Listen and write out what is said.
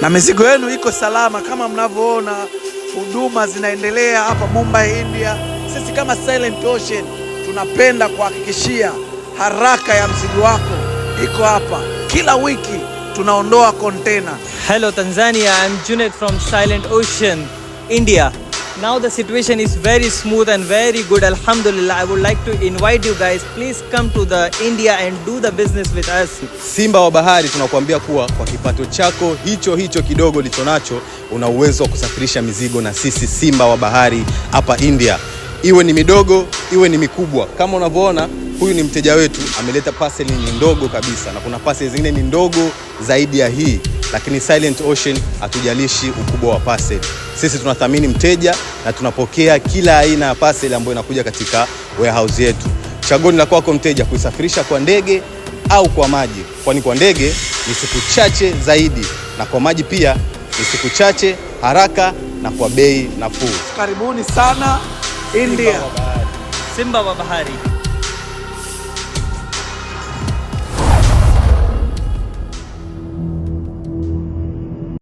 na mizigo yenu iko salama. Kama mnavyoona, huduma zinaendelea hapa Mumbai, India. Sisi kama Silent Ocean tunapenda kuhakikishia haraka ya mzigo wako iko hapa. Kila wiki tunaondoa kontena. Hello Tanzania, I'm Junet from Silent Ocean India. Now the situation is very smooth and very good. Alhamdulillah. I would like to invite you guys, please come to the India and do the business with us. Simba wa bahari, tunakuambia kuwa kwa kipato chako hicho hicho kidogo licho nacho una uwezo wa kusafirisha mizigo na sisi Simba wa bahari hapa India, iwe ni midogo, iwe ni mikubwa. Kama unavyoona huyu ni mteja wetu ameleta parcel ni ndogo kabisa, na kuna parcel zingine ni ndogo zaidi ya hii lakini Silent Ocean hatujalishi ukubwa wa parcel. Sisi tunathamini mteja na tunapokea kila aina ya parcel ambayo inakuja katika warehouse yetu. Chaguo ni la kwako mteja, kuisafirisha kwa ndege au kwa maji, kwani kwa ndege ni siku chache zaidi na kwa maji pia ni siku chache, haraka na kwa bei nafuu. Karibuni sana India, Simba wa Bahari.